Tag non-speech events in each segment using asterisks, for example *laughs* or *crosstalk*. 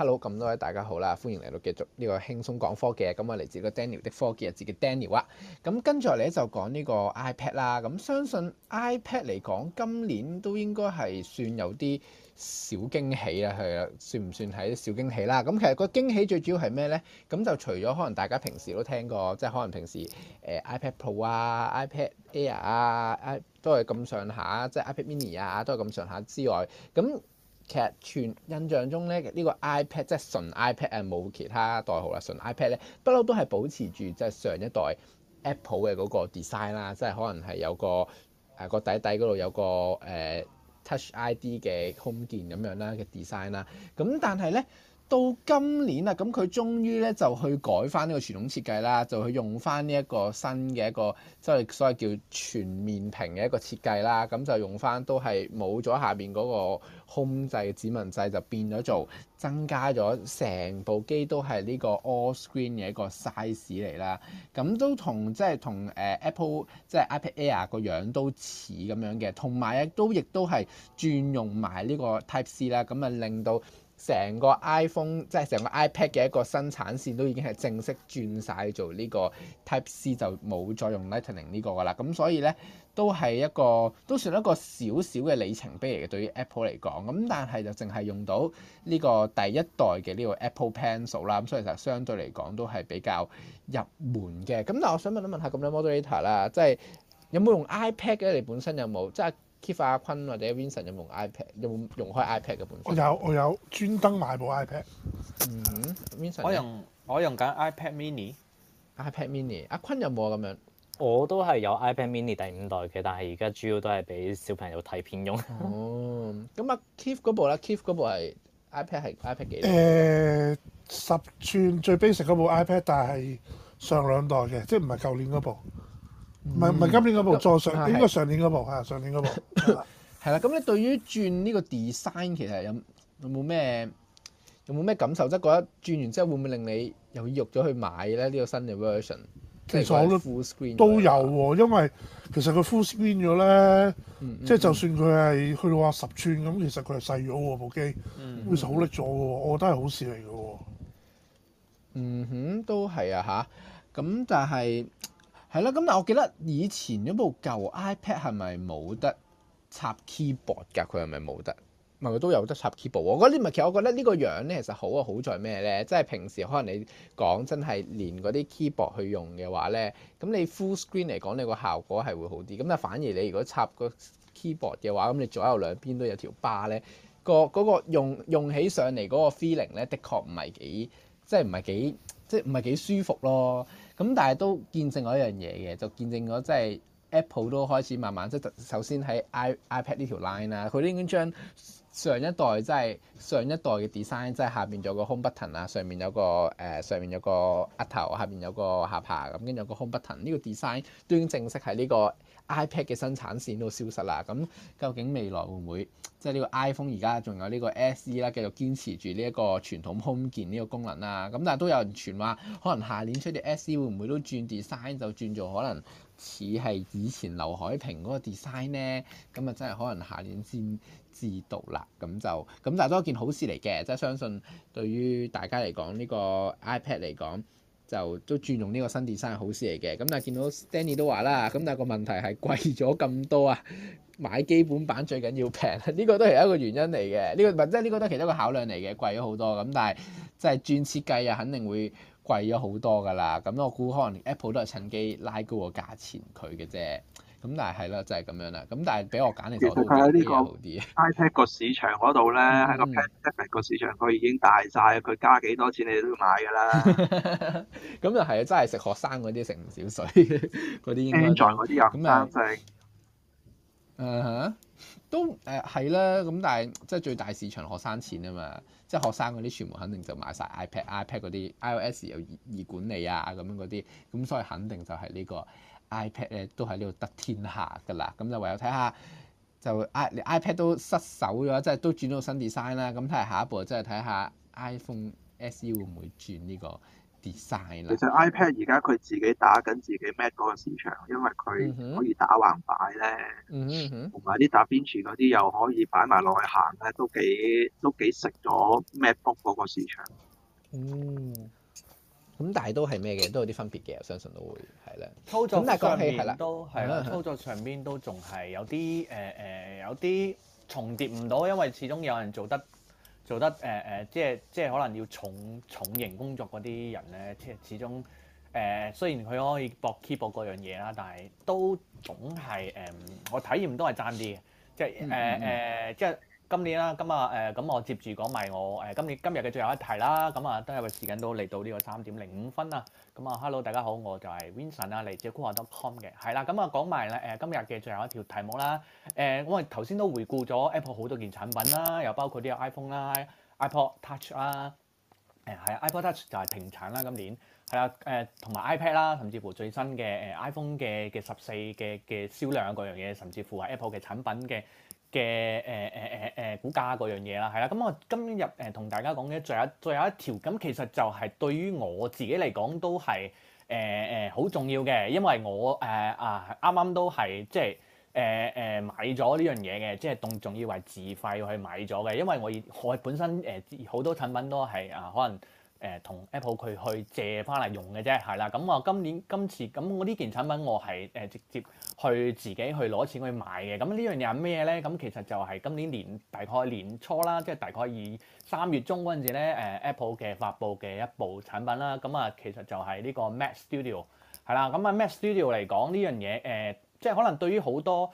hello，咁多位大家好啦，歡迎嚟到繼續呢個輕鬆講科技嘅，咁我嚟自個 Daniel 的科技，自己 Daniel 啊，咁跟住落嚟咧就講呢個 iPad 啦。咁相信 iPad 嚟講，今年都應該係算有啲小驚喜啦，係啊，算唔算係小驚喜啦？咁其實個驚喜最主要係咩咧？咁就除咗可能大家平時都聽過，即係可能平時誒 iPad Pro 啊、iPad Air 啊、iPad 都係咁上下，即係 iPad Mini 啊都係咁上下之外，咁。其實全印象中咧，呢、這個 iPad 即係純 iPad 啊，冇其他代號啦。純 iPad 咧，不嬲都係保持住即係上一代 Apple 嘅嗰個 design 啦，即係可能係有個誒、啊、個底底嗰度有個誒、呃、Touch ID 嘅 home 鍵咁樣啦嘅 design 啦。咁但係咧。到今年啊，咁佢終於咧就去改翻呢個傳統設計啦，就去用翻呢一個新嘅一個即係所謂叫全面屏嘅一個設計啦。咁就用翻都係冇咗下邊嗰個控制指紋掣，就變咗做增加咗成部機都係呢個 all screen 嘅一個 size 嚟啦。咁都同即係同 Apple 即係 iPad Air 個樣都似咁樣嘅，同埋啊都亦都係轉用埋呢個 Type C 啦。咁啊令到。成個 iPhone 即係成個 iPad 嘅一個生產線都已經係正式轉晒做呢個 Type C，就冇再用 Lightning 呢個㗎喇。咁所以咧都係一個都算一個小小嘅里程碑嚟嘅，對於 Apple 嚟講。咁但係就淨係用到呢個第一代嘅呢個 Apple Pencil 啦。咁所以就相對嚟講都係比較入門嘅。咁但係我想問一問下咁樣 Moderator 啦，即係有冇用 iPad 嘅？你本身有冇即係？Keith 阿坤或者 Vincent 有冇 iPad，有冇用,用開 iPad 嘅本身我？我有我有，專登買部 iPad。嗯，Vincent，我用你我用緊 iPad Mini, iPad Mini，iPad Mini。阿坤有冇啊？咁樣？我都係有 iPad Mini 第五代嘅，但係而家主要都係俾小朋友睇片用。哦，咁阿 Keith 嗰部咧，Keith 嗰部係 iPad 係 iPad 幾？誒、呃，十寸最 basic 嗰部 iPad，但係上兩代嘅，即係唔係舊年嗰部。嗯唔係唔係今年嗰部，嗯、再上、啊、應該上年嗰部嚇，的上年嗰部係啦。咁 *laughs* 你對於轉呢個 design 其實有有冇咩有冇咩感受？即係覺得轉完之後會唔會令你有慾咗去買咧？呢、呢個新嘅 version 其實好多得 full screen 都有喎、啊。因為其實佢 full screen 咗咧，嗯嗯嗯即係就算佢係去到話十寸咁，其實佢係細咗喎部機，嗯嗯嗯其實好叻咗喎。我覺得係好事嚟嘅喎。嗯哼，都係啊吓咁、啊、但係。但係啦，咁但我記得以前嗰部舊 iPad 係咪冇得插 keyboard 㗎？佢係咪冇得？唔係都有得插 keyboard 喎。我覺得唔係，其實我覺得呢個樣咧，其實好啊。好在咩咧？即係平時可能你講真係連嗰啲 keyboard 去用嘅話咧，咁你 full screen 嚟講，你個效果係會好啲。咁啊，反而你如果插個 keyboard 嘅話，咁你左右兩邊都有條 bar 咧，嗰個嗰、嗰個、用用起上嚟嗰個 feeling 咧，的確唔係幾即係唔係幾即係唔係幾舒服咯。咁但係都見證咗一樣嘢嘅，就見證咗即係 Apple 都開始慢慢即首先喺 i iPad 呢條 line 啦，佢已經將上一代即係上一代嘅 design 即係下邊有個 home button 啊、呃，上面有個誒上面有個額頭，下邊有個下巴咁，跟住有個 home button，呢個 design 都已經正式喺呢個，iPad 嘅生產線都消失啦，咁究竟未來會唔會即係呢個 iPhone 而家仲有呢個 SE 啦，繼續堅持住呢一個傳統 Home 鍵呢個功能啦？咁但係都有人傳話，可能下年出啲 SE 會唔會都轉 design 就轉做可能似係以前劉海屏嗰個 design 呢？咁啊真係可能下年先知道啦。咁就咁，但係都係件好事嚟嘅，即係相信對於大家嚟講，呢、呢個 iPad 嚟講。就都轉用呢個新設計係好事嚟嘅，咁但係見到 Danny 都話啦，咁但係個問題係貴咗咁多啊，買基本版最緊要平，呢、這個都係一個原因嚟嘅，呢、這個即係呢個都係其中一個考量嚟嘅，貴咗好多，咁但係即係轉設計又肯定會貴咗好多㗎啦，咁我估可能 Apple 都係趁機拉高個價錢佢嘅啫。咁但係係啦，就係、係、咁樣啦。咁但係俾我揀你其實係呢、呢個 iPad 個市場嗰度咧，喺、嗯、個 Pad 個市場，佢已經大晒，佢加幾多錢你都要買㗎啦。咁、 *laughs* 就係、 *laughs* 又係啊，真係食學生嗰啲食唔少水嗰啲應該。Android 嗰啲又生性。啊都誒係啦。咁但係即係最大市場學生錢啊嘛。即係學生嗰啲全部肯定就買晒 iPad iPad 嗰啲 iOS 又易管理啊咁樣嗰啲，咁所以肯定就係呢、呢個。iPad 咧都喺呢度得天下㗎喇，咁就唯有睇下就 i 你 iPad 都失手咗，即係都轉咗新 design 啦。咁睇下下一步即係睇下 iPhone SE 會唔會轉呢個 design 啦。其實 iPad 而家佢自己打緊自己 Mac 嗰個市場，因為佢可以打橫擺咧，同埋啲打邊沿嗰啲又可以擺埋落去行咧，都幾都幾食咗 MacBook 嗰個市場。Mm-hmm. 咁但係都係咩嘅，都有啲分別嘅，我相信都會係咧。 *noise* 操作上邊係啦，都係啦，操作上邊都仲係有啲誒誒，有啲重疊唔到，因為始終有人做得做得誒誒、呃，即係即係可能要重重型工作嗰啲人咧，即係始終誒、呃、雖然佢可以博 key 博嗰樣嘢啦，但係都總係誒、呃，我體驗都係爭啲嘅，即係誒誒即係。呃即今，uh, 嗯說說呃、今年啦，今日誒咁我接住講埋我誒今年今日嘅最後一題啦，咁、嗯、啊都係個時間都嚟到呢個三點零五分啊！咁、嗯、啊，Hello 大家好，我就係 Vincent 啊，嚟自酷我 .com 嘅，係、嗯、啦，咁啊講埋咧誒今日嘅最後一條題目啦，誒我頭先都回顧咗 Apple 好多件產品啦，又包括呢有 iPhone 啦、啊、iPod Touch 啦，誒啊 iPod Touch 就係停產啦今年，係啊誒同埋 iPad 啦，啊、Pad，甚至乎最新嘅誒 iPhone 嘅嘅十四嘅嘅銷量各樣嘢，甚至乎係 Apple 嘅產品嘅。嘅誒誒誒誒股價嗰樣嘢啦，係啦，咁我今日誒同大家講嘅，最後最後一條，咁其實就係對於我自己嚟講都係誒誒好重要嘅，因為我誒啊啱啱都係即係誒誒買咗呢樣嘢嘅，即係動仲要為自費去買咗嘅，因為我我本身誒好多產品都係啊可能。誒同 Apple 佢去借翻嚟用嘅啫，係啦。咁我今年今次咁我呢件產品我係誒直接去自己去攞錢去買嘅。咁呢樣嘢係咩咧？咁其實就係今年年大概年初啦，即係大概二三月中嗰陣時咧，誒 Apple 嘅發布嘅一部產品啦。咁啊，其實就係呢個 Mac Studio，係啦。咁啊，嗯，Mac Studio 嚟講呢樣嘢誒，呃，即係可能對於好多。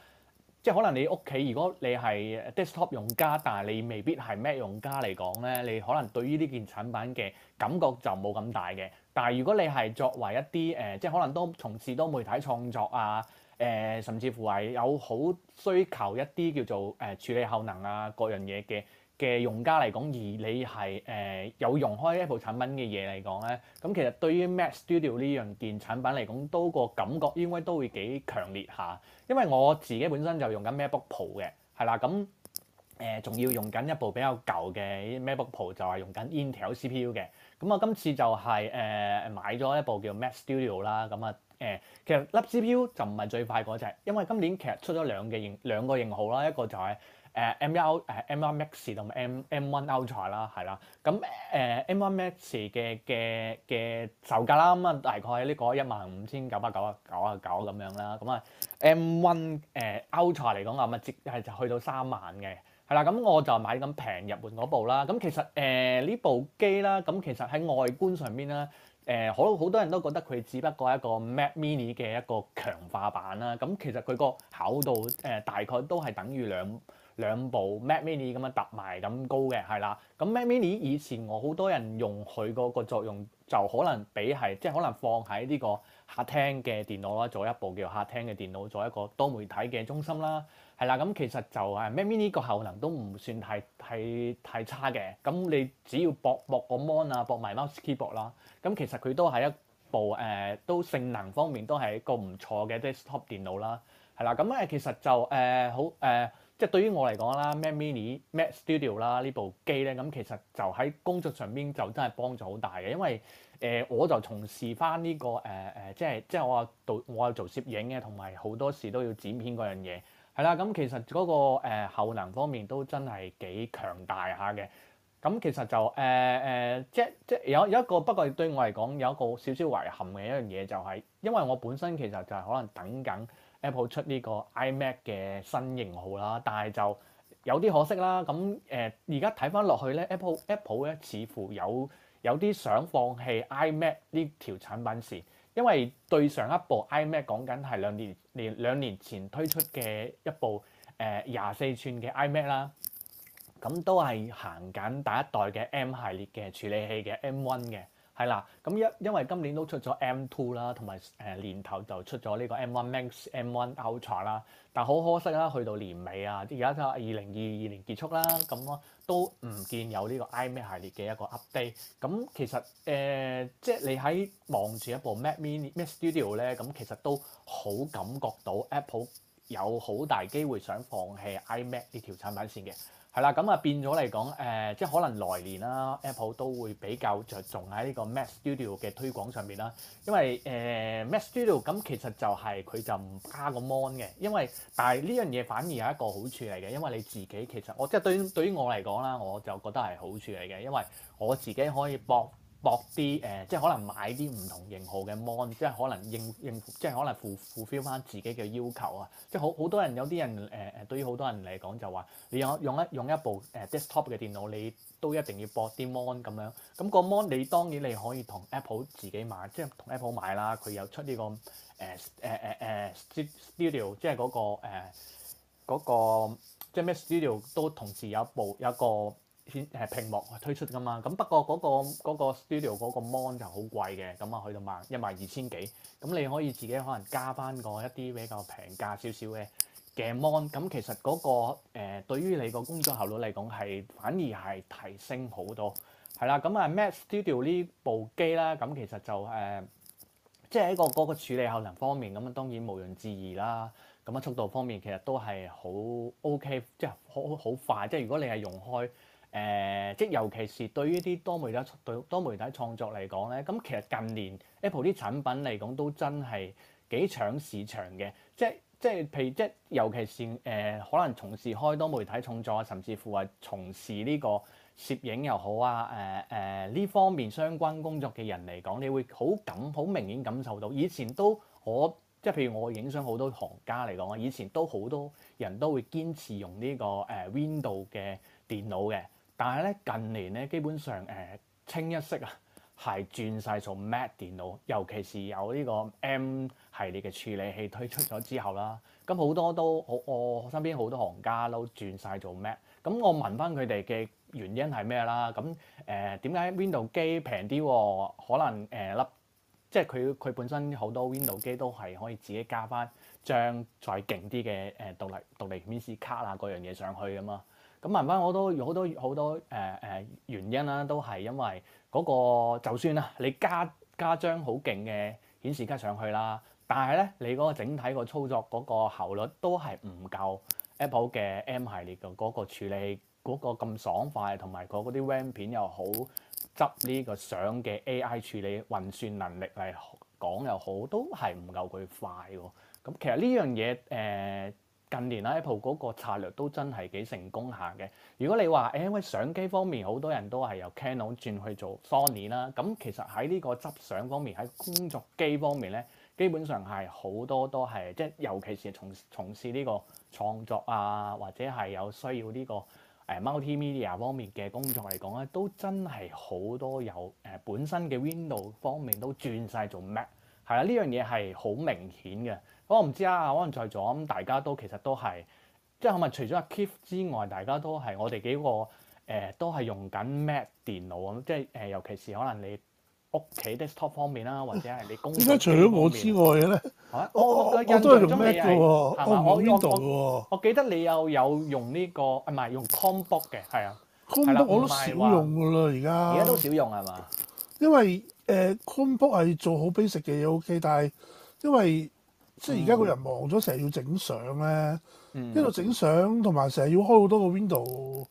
即係可能你屋企，如果你係 desktop 用家，但係你未必係咩用家嚟講咧，你可能對於呢件產品嘅感覺就冇咁大嘅。但係如果你係作為一啲誒、呃，即係可能都從事、多媒體創作啊，誒、呃，甚至乎係有好需求一啲叫做誒、呃、處理效能啊各樣嘢嘅，嘅用家嚟講，而你係誒、呃、有用開 Apple 產品嘅嘢嚟講咧，咁其實對於 Mac Studio 呢樣件產品嚟講，都個感覺應該都會幾強烈下，因為我自己本身就用緊 MacBook Pro 嘅，係、嗯、啦，咁誒仲要用緊一部比較舊嘅 MacBook Pro，就係用緊 Intel CPU 嘅。咁、嗯、我今次就係、是、誒、呃、買咗一部叫 Mac Studio 啦，咁啊誒，其實粒 CPU 就唔係最快嗰隻，因為今年其實出咗兩個型兩個型號啦，一個就係、是。誒 M1 誒 M1 Max 同埋 M1 Ultra 啦，係啦，咁誒 M1 Max 嘅嘅嘅售價啦，咁啊大概呢個一萬五千九百九啊九啊九咁樣啦，咁啊 M1 誒 Ultra 嚟講啊，咁咪直係就去到三萬嘅，係啦，咁我就買咁平入門嗰部啦。咁其實誒呢部機啦，咁其實喺外觀上邊咧，誒好好多人都覺得佢只不過係一個 Mac Mini 嘅一個強化版啦。咁其實佢個厚度誒大概都係等於兩。兩部 Mac Mini 咁樣揼埋咁高嘅，係啦。咁 Mac Mini 以前我好多人用佢個個作用，就可能比係即係可能放喺呢個客廳嘅電腦啦，做一部叫客廳嘅電腦，做一個多媒體嘅中心啦，係啦。咁其實就係、啊、Mac Mini 個效能都唔算太係太、太差嘅。咁你只要駁駁個 Mon 啊，駁埋 Mouse Keyboard 啦，咁其實佢都係一部誒、呃、都性能方面都係一個唔錯嘅 Desktop 電腦啦，係啦。咁、嗯、誒其實就誒、呃、好誒。呃即係對於我嚟講啦，Mac Mini、Mac Studio 啦呢部機咧，咁其實就喺工作上邊就真係幫助好大嘅，因為誒我就從事翻、這、呢個誒誒、呃，即係即係我話導我係做攝影嘅，同埋好多時都要剪片嗰樣嘢，係啦，咁其實嗰、那個誒、呃、效能方面都真係幾強大下嘅，咁其實就誒誒、呃，即即有有一個不過對我嚟講有一個少少遺憾嘅一樣嘢就係、是，因為我本身其實就係可能等緊。Apple 出呢個 iMac 嘅新型號啦，但係就有啲可惜啦。咁誒，而家睇翻落去咧，Apple Apple 咧似乎有有啲想放棄 iMac 呢條產品線，因為對上一部 iMac 講緊係兩年年兩年前推出嘅一部誒廿四寸嘅 iMac 啦，咁都係行緊第一代嘅 M 系列嘅處理器嘅 M1 嘅。係啦，咁因因為今年都出咗 M2 啦，同埋誒年頭就出咗呢個 M1 Max、M1 Ultra 啦，但好可惜啦，去到年尾啊，而家就二零二二年結束啦，咁咯都唔見有呢個 iMac 系列嘅一個 update。咁其實誒、呃，即係你喺望住一部 Mac Mini、Mac Studio 咧，咁其實都好感覺到 Apple。有好大機會想放棄 iMac 呢條產品線嘅，係啦，咁啊變咗嚟講，誒、呃，即係可能來年啦，Apple 都會比較着重喺呢個 Mac Studio 嘅推廣上面啦。因為誒、呃、Mac Studio 咁其實就係佢就唔加個 mon 嘅，因為但係呢樣嘢反而有一個好處嚟嘅，因為你自己其實我即係對對於我嚟講啦，我就覺得係好處嚟嘅，因為我自己可以搏。駁啲誒，即係可能買啲唔同型號嘅 mon，即係可能應應付，即係可能 fulfill 翻自己嘅要求啊！即係好好多人有啲人誒誒、呃、對於好多人嚟講就話你用用一用一部誒 desktop 嘅電腦，電腦你都一定要駁啲 mon 咁樣，咁個 mon 你當然你可以同 Apple 自己買，即係同 Apple 買啦。佢有出呢、這個誒誒誒誒 Studio，即係嗰、那個誒嗰、呃那個即係咩 Studio 都同時有一部有一個。先屏幕推出㗎嘛，咁不過嗰、那個 studio 嗰、那個 mon 就好貴嘅，咁啊去到萬一萬二千幾咁，你可以自己可能加返個一啲比較平價少少嘅嘅 mon。咁其實嗰、那個誒、呃、對於你個工作效率嚟講係反而係提升好多，係啦。咁啊 Mac Studio 呢部機啦，咁其實就誒即係喺個嗰個處理效能方面，咁啊當然無人置疑啦。咁、那、啊、個、速度方面其實都係好 ok，即係好好好快。即係如果你係用開。誒，即係、呃、尤其是對於啲多媒體多媒體創作嚟講咧，咁其實近年 Apple 啲產品嚟講都真係幾搶市場嘅。即係即係譬如即係，尤其是誒、呃，可能從事開多媒體創作啊，甚至乎係從事呢個攝影又好啊，誒誒呢方面相關工作嘅人嚟講，你會好感好明顯感受到。以前都我即係譬如我影相好多行家嚟講啊，以前都好多人都會堅持用呢、這個誒、呃、Window 嘅電腦嘅。但係咧近年咧基本上誒、呃、清一色啊，係轉晒做 Mac 電腦，尤其是有呢個 M 系列嘅處理器推出咗之後啦。咁好多都好，我身邊好多行家都轉晒做 Mac。咁我問翻佢哋嘅原因係咩啦？咁、呃、誒點解 Windows 機平啲？可能誒粒、呃，即係佢佢本身好多 Windows 機都係可以自己加翻張再勁啲嘅誒獨立獨立顯示卡啊嗰樣嘢上去㗎嘛。咁慢慢我都好多好多誒誒原因啦，都係因為嗰、嗰個就算啦，你加加張好勁嘅顯示卡上去啦，但係咧你嗰個整體個操作嗰個效率都係唔夠 Apple 嘅 M 系列嘅嗰、嗰個處理器嗰個咁爽快，同埋佢嗰啲 RAM 片又好執呢個相嘅 AI 處理運算能力嚟講又好，都係唔夠佢快喎。咁其實呢樣嘢誒。呃近年 Apple 嗰個策略都真係幾成功下嘅。如果你話誒，因為相機方面好多人都係由 Canon 轉去做 Sony 啦，咁其實喺呢個執相方面，喺工作機方面咧，基本上係好多都係即係，尤其是從從事呢個創作啊，或者係有需要呢個誒 Multimedia 方面嘅工作嚟講咧，都真係好多有誒本身嘅 Window 方面都轉晒做 Mac。係啊，呢樣嘢係好明顯嘅。我唔知啊，可能在咗咁，大家都其實都係即係可唔除咗阿 Kif 之外，大家都係我哋幾個誒都係用緊 Mac 電腦，咁，即係誒尤其是可能你屋企 desktop 方面啦，或者係你公司。而家除咗我之外嘅咧？嚇！我我都係用 Mac 喎，我唔喺邊度我記得你又有用呢個啊，唔係用 Combook 嘅，係啊我都少用㗎啦，而家而家都少用係嘛？因為誒 Combook 係做好 basic 嘅嘢 OK，但係因為即係而家個人忙咗，成日要整相咧，嗯、一路整相同埋成日要開好多個 window，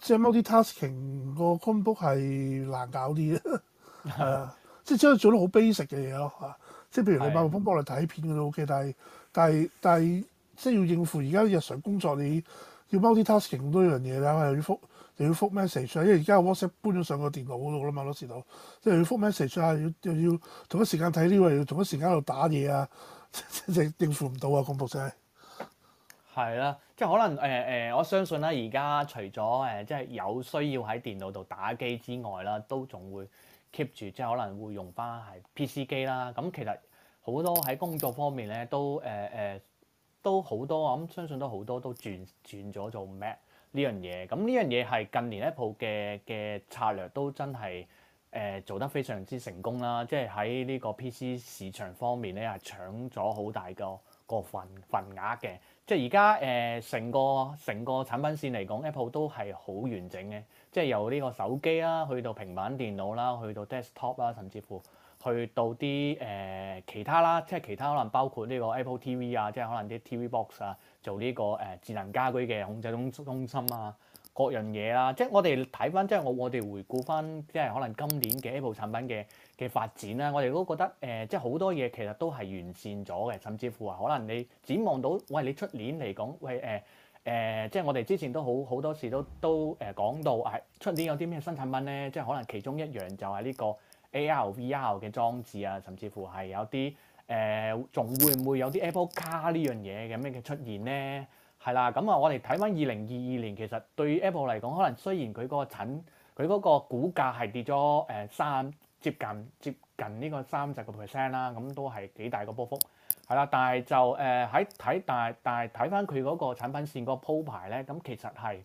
即係 multi-tasking 個 combo 係難搞啲嘅係啊。即係只係做得好 basic 嘅嘢咯嚇，即係譬如你買部風波嚟睇片都 OK，但係的但係但係即係要應付而家日常工作，你要 multi-tasking 多樣嘢啦。又要覆又要覆 message 啊，因為而家 WhatsApp 搬咗上個電腦度啦嘛，嗰時度即係要覆 message 啊，又要，要，要同一時間睇呢個，又要，要同一時間喺度打嘢啊。真係應付唔到啊， *laughs* 公博仔寫。係啦，即係可能誒誒、呃呃，我相信啦。而家除咗誒，即係有需要喺電腦度打機之外啦，都仲會 keep 住，即係可能會用翻係 PC 機啦。咁、嗯、其實好多喺工作方面咧、呃呃，都誒誒都好多。我諗相信都好多都轉轉咗做 Mac 呢樣嘢。咁呢樣嘢係近年 Apple 嘅嘅策略都真係。誒、呃、做得非常之成功啦，即係喺呢個 PC 市場方面咧，係、啊、搶咗好大個個份份額嘅。即係而家誒成個成個產品線嚟講，Apple 都係好完整嘅。即係由呢個手機啦，去到平板電腦啦，去到 desktop 啦，甚至乎去到啲誒、呃、其他啦，即係其他可能包括呢個 Apple TV 啊，即係可能啲 TV Box 啊，做呢、這個誒、呃、智能家居嘅控制中心中心啊。各樣嘢啦，即係我哋睇翻，即係我我哋回顧翻，即係可能今年嘅 Apple 產品嘅嘅發展啦，我哋都覺得誒、呃，即係好多嘢其實都係完善咗嘅，甚至乎話可能你展望到，喂，你出年嚟講，喂誒誒、呃，即係我哋之前都好好多時都都誒講到，係、啊、出年有啲咩新產品咧，即係可能其中一樣就係呢個 AR、VR 嘅裝置啊，甚至乎係有啲誒，仲、呃、會唔會有啲 Apple Car 呢樣嘢嘅咩嘅出現咧？係啦，咁啊，我哋睇翻二零二二年，其實對 Apple 嚟講，可能雖然佢嗰個產佢嗰個股價係跌咗誒三接近接近呢個三十個 percent 啦，咁、嗯、都係幾大個波幅，係啦，但係就誒喺睇但係但係睇翻佢嗰個產品線個鋪排咧，咁其實係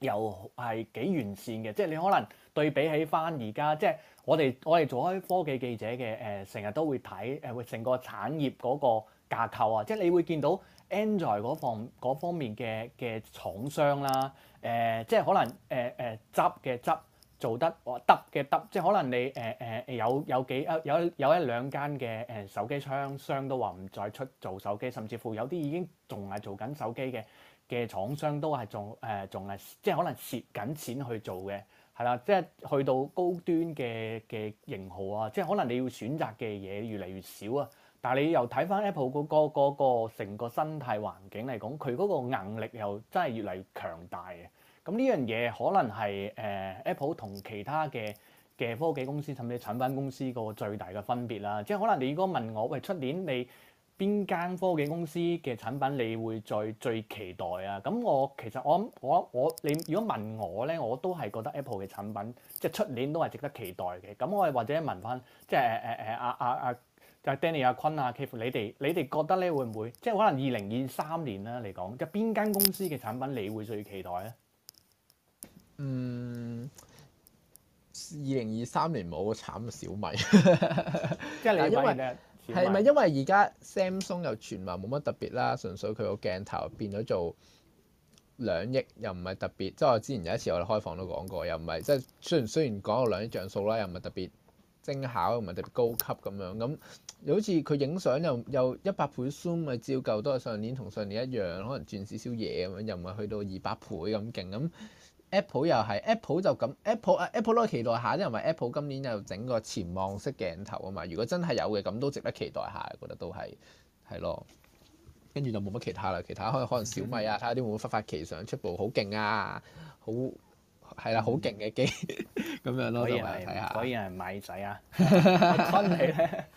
又係幾完善嘅，即係你可能對比起翻而家，即係我哋我哋做開科技記者嘅誒，成、呃、日都會睇誒，會、呃、成個產業嗰個架構啊，即係你會見到。Android 嗰方方面嘅嘅廠商啦，誒、呃、即係可能誒誒、呃呃、執嘅執做得得嘅得，即係可能你誒誒、呃呃、有有幾有有,有一兩間嘅誒手機廠商都話唔再出做手機，甚至乎有啲已經仲係做緊手機嘅嘅廠商都係仲誒仲係即係可能蝕緊錢去做嘅，係啦，即係去到高端嘅嘅型號啊，即係可能你要選擇嘅嘢越嚟越少啊。但係你又睇翻 Apple 嗰個成個生態環境嚟講，佢嗰個能力又真係越嚟越強大嘅。咁呢樣嘢可能係誒 Apple 同其他嘅嘅科技公司甚至產品公司個最大嘅分別啦。即係可能你如果問我，喂，出年你邊間科技公司嘅產品你會最最期待啊？咁我其實我我我你如果問我咧，我都係覺得 Apple 嘅產品即係出年都係值得期待嘅。咁我或者問翻即係誒誒誒阿阿阿，啊啊啊但係 Danny 啊，坤啊 k, k f 你哋你哋覺得咧會唔會即係可能二零二三年咧嚟講，即係邊間公司嘅產品你會最期待咧？嗯，二零二三年冇慘，小米。 *laughs* 即係你因為係咪因為而家 Samsung 又傳聞冇乜特別啦，純粹佢個鏡頭變咗做兩億，又唔係特別。即係我之前有一次我哋開房都講過，又唔係即係雖然雖然講有兩億像素啦，又唔係特別精巧，又唔係特別高級咁樣咁。又好似佢影相又又一百倍 zoom 咪照舊都係，上年同上年一樣，可能轉少少嘢咁，又唔係去到二百倍咁勁。咁 Apple 又係 Apple 就咁 Apple 啊 Apple 都期待下，因為 Apple 今年又整個潛望式鏡頭啊嘛，如果真係有嘅咁都值得期待下，覺得都係係咯。跟住就冇乜其他啦，其他可能可能小米啊，睇下啲會唔會忽發奇想出部好勁啊，好係啦，好勁嘅機咁、嗯、樣咯，就睇可以係米仔啊，坤 *laughs* 你 *laughs*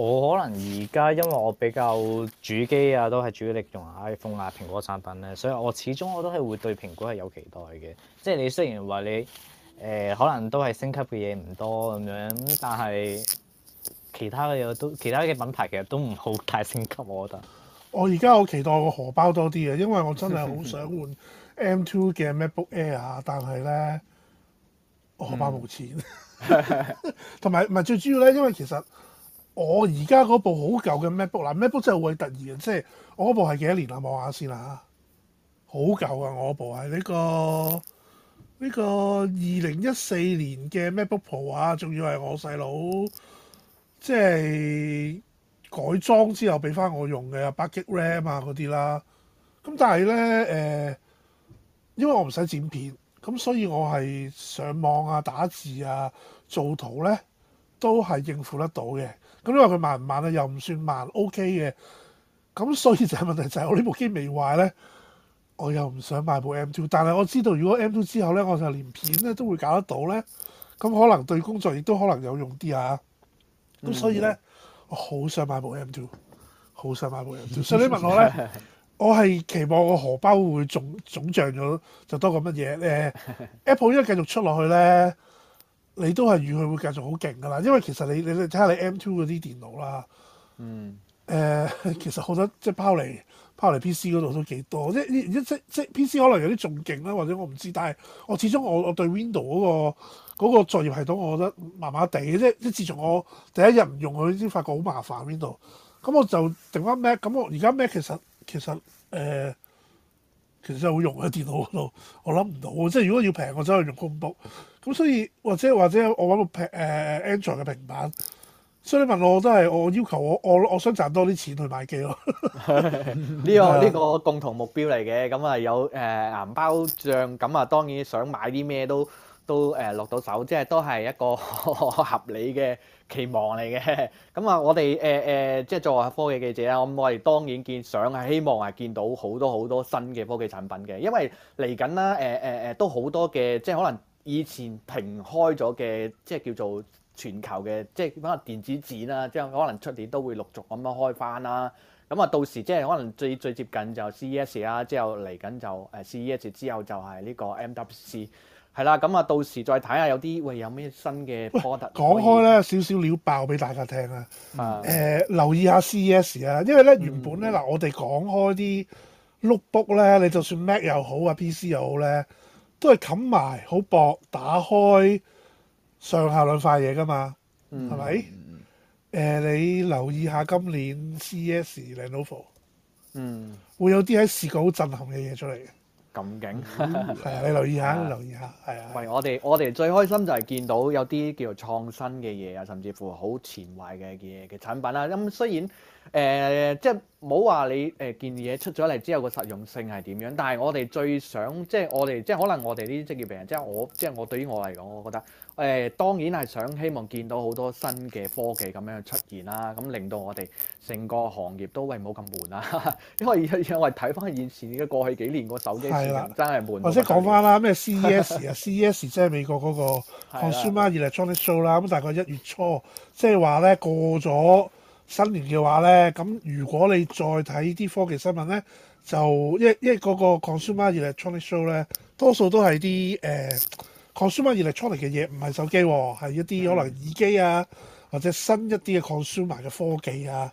我可能而家，因為我比較主機啊，都係主力用啊 iPhone 啊，蘋果產品咧、啊，所以我始終我都係會對蘋果係有期待嘅。即係你雖然話你誒、呃，可能都係升級嘅嘢唔多咁樣，但係其他嘅嘢都其他嘅品牌其實都唔好太升級，我覺得。我而家好期待個荷包多啲啊，因為我真係好想換 M2 嘅 MacBook Air 啊，但係咧荷包冇錢，同埋唔係最主要咧，因為其實。我而家嗰部好舊嘅 MacBook 嗱、啊，MacBook 真係會突然。即係我嗰部係幾多年啊？望下先啦嚇，好舊啊！我部係呢、這個呢、這個二零一四年嘅 MacBook Pro 啊，仲要係我細佬即係改裝之後俾翻我用嘅八 GB RAM 啊嗰啲啦。咁但係咧誒，因為我唔使剪片，咁所以我係上網啊、打字啊、做圖咧都係應付得到嘅。咁你話佢慢唔慢咧，又唔算慢，OK 嘅。咁所以就係問題就係我呢部機未壞咧，我又唔想買部 M2，但係我知道如果 M2 之後咧，我就連片咧都會搞得到咧。咁可能對工作亦都可能有用啲啊。咁所以咧，嗯、我好想買部 M2，好想買部 M2。嗯、所以你問我咧， *laughs* 我係期望個荷包會,會腫腫脹咗，就多過乜嘢？誒 *laughs* ，Apple 依家繼續出落去咧。你都係預佢會繼續好勁噶啦，因為其實你你你睇下你 M2 嗰啲電腦啦，嗯誒、呃，其實好多即係拋嚟拋嚟 P C 嗰度都幾多，即係即即，即 P C 可能有啲仲勁啦，或者我唔知，但係我始終我我對 Window 嗰、嗰個嗰個作業系統，我覺得麻麻地嘅啫。即係自從我第一日唔用佢，先發覺好麻煩 Window。咁 Wind、嗯、我就定返 Mac、嗯。咁我而家 Mac 其實其實誒。呃其實好用喺電腦嗰度，我諗唔到。即係如果要平，我真係用公佈。咁所以或者或者我揾個平 Android 嘅平板。所以你問我，我都係我要求我我我想賺多啲錢去買機咯。呢、 *laughs* *laughs* 呢個呢、呢個共同目標嚟嘅。咁啊有誒、呃、銀包帳，咁啊當然想買啲咩都都誒、呃、落到手，即係都係一個 *laughs* 合理嘅期望嚟嘅，咁啊，我哋誒誒，即、呃、係作為科技記者啦，咁、嗯、我哋當然見上係希望係見到好多好多新嘅科技產品嘅，因為嚟緊啦，誒誒誒，都好多嘅，即係可能以前停開咗嘅，即係叫做全球嘅，即係可能電子展啦，即後可能出年都會陸續咁樣開翻啦。咁、嗯、啊，到時即係可能最最接近就 CES 啦，之、呃、後嚟緊就誒 CES 之後就係呢個 MWC。係啦，咁啊，到時再睇下有啲喂有咩新嘅 product 講開咧，少少料爆俾大家聽啊。誒、嗯呃，留意下 CES 啊，因為咧原本咧嗱、嗯，我哋講開啲 notebook 咧，你就算 Mac 又好啊，PC 又好咧，都係冚埋好薄，打開上下兩塊嘢噶嘛，係咪、嗯？誒、呃，你留意下今年 CES Lenovo，嗯，會有啲喺視覺好震撼嘅嘢出嚟嘅。咁勁係啊！你留意下，的留意下係啊！唔係我哋，我哋最開心就係見到有啲叫做創新嘅嘢啊，甚至乎好前衞嘅嘢嘅產品啦。咁、嗯、雖然誒、呃，即係冇話你誒件嘢出咗嚟之後個實用性係點樣，但係我哋最想即係我哋即係可能我哋呢啲職業病人，即係我即係我對於我嚟講，我覺得。誒當然係想希望見到好多新嘅科技咁樣出現啦、啊，咁令到我哋成個行業都喂冇咁悶啦、啊，因為因為睇翻以前嘅過去幾年個手機市場的真係悶。或者講翻啦，咩 *laughs* CES 啊，CES 即係美國嗰個 Consumer Electronic Show 啦的，咁大概一月初，即係話咧過咗新年嘅話咧，咁如果你再睇啲科技新聞咧，就因因為嗰個 Consumer Electronic Show 咧，多數都係啲誒。呃 consumer 二嚟出嚟嘅嘢唔係手機、哦，係一啲可能耳機啊，或者新一啲嘅 consumer 嘅科技啊，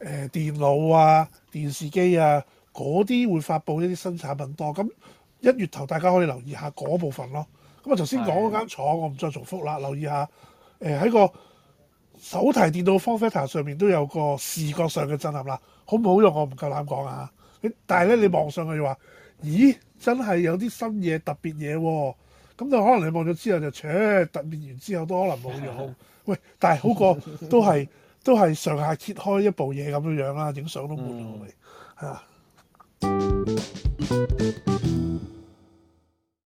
誒、呃、電腦啊、電視機啊嗰啲會發布一啲新產品多。咁一月頭大家可以留意下嗰部分咯。咁我頭先講嗰間廠我唔再重複啦，留意下誒喺、呃、個手提電腦 form factor 上面都有個視覺上嘅震撼啦。好唔好用我唔夠膽講啊？但係咧，你望上去就話，咦，真係有啲新嘢特別嘢喎。咁就可能你望咗之後就扯突變完之後都可能冇用。喂，但係好過都係 *laughs* 都係上下揭開一部嘢咁樣樣啦，影相都冇用。我哋、嗯，嚇、啊。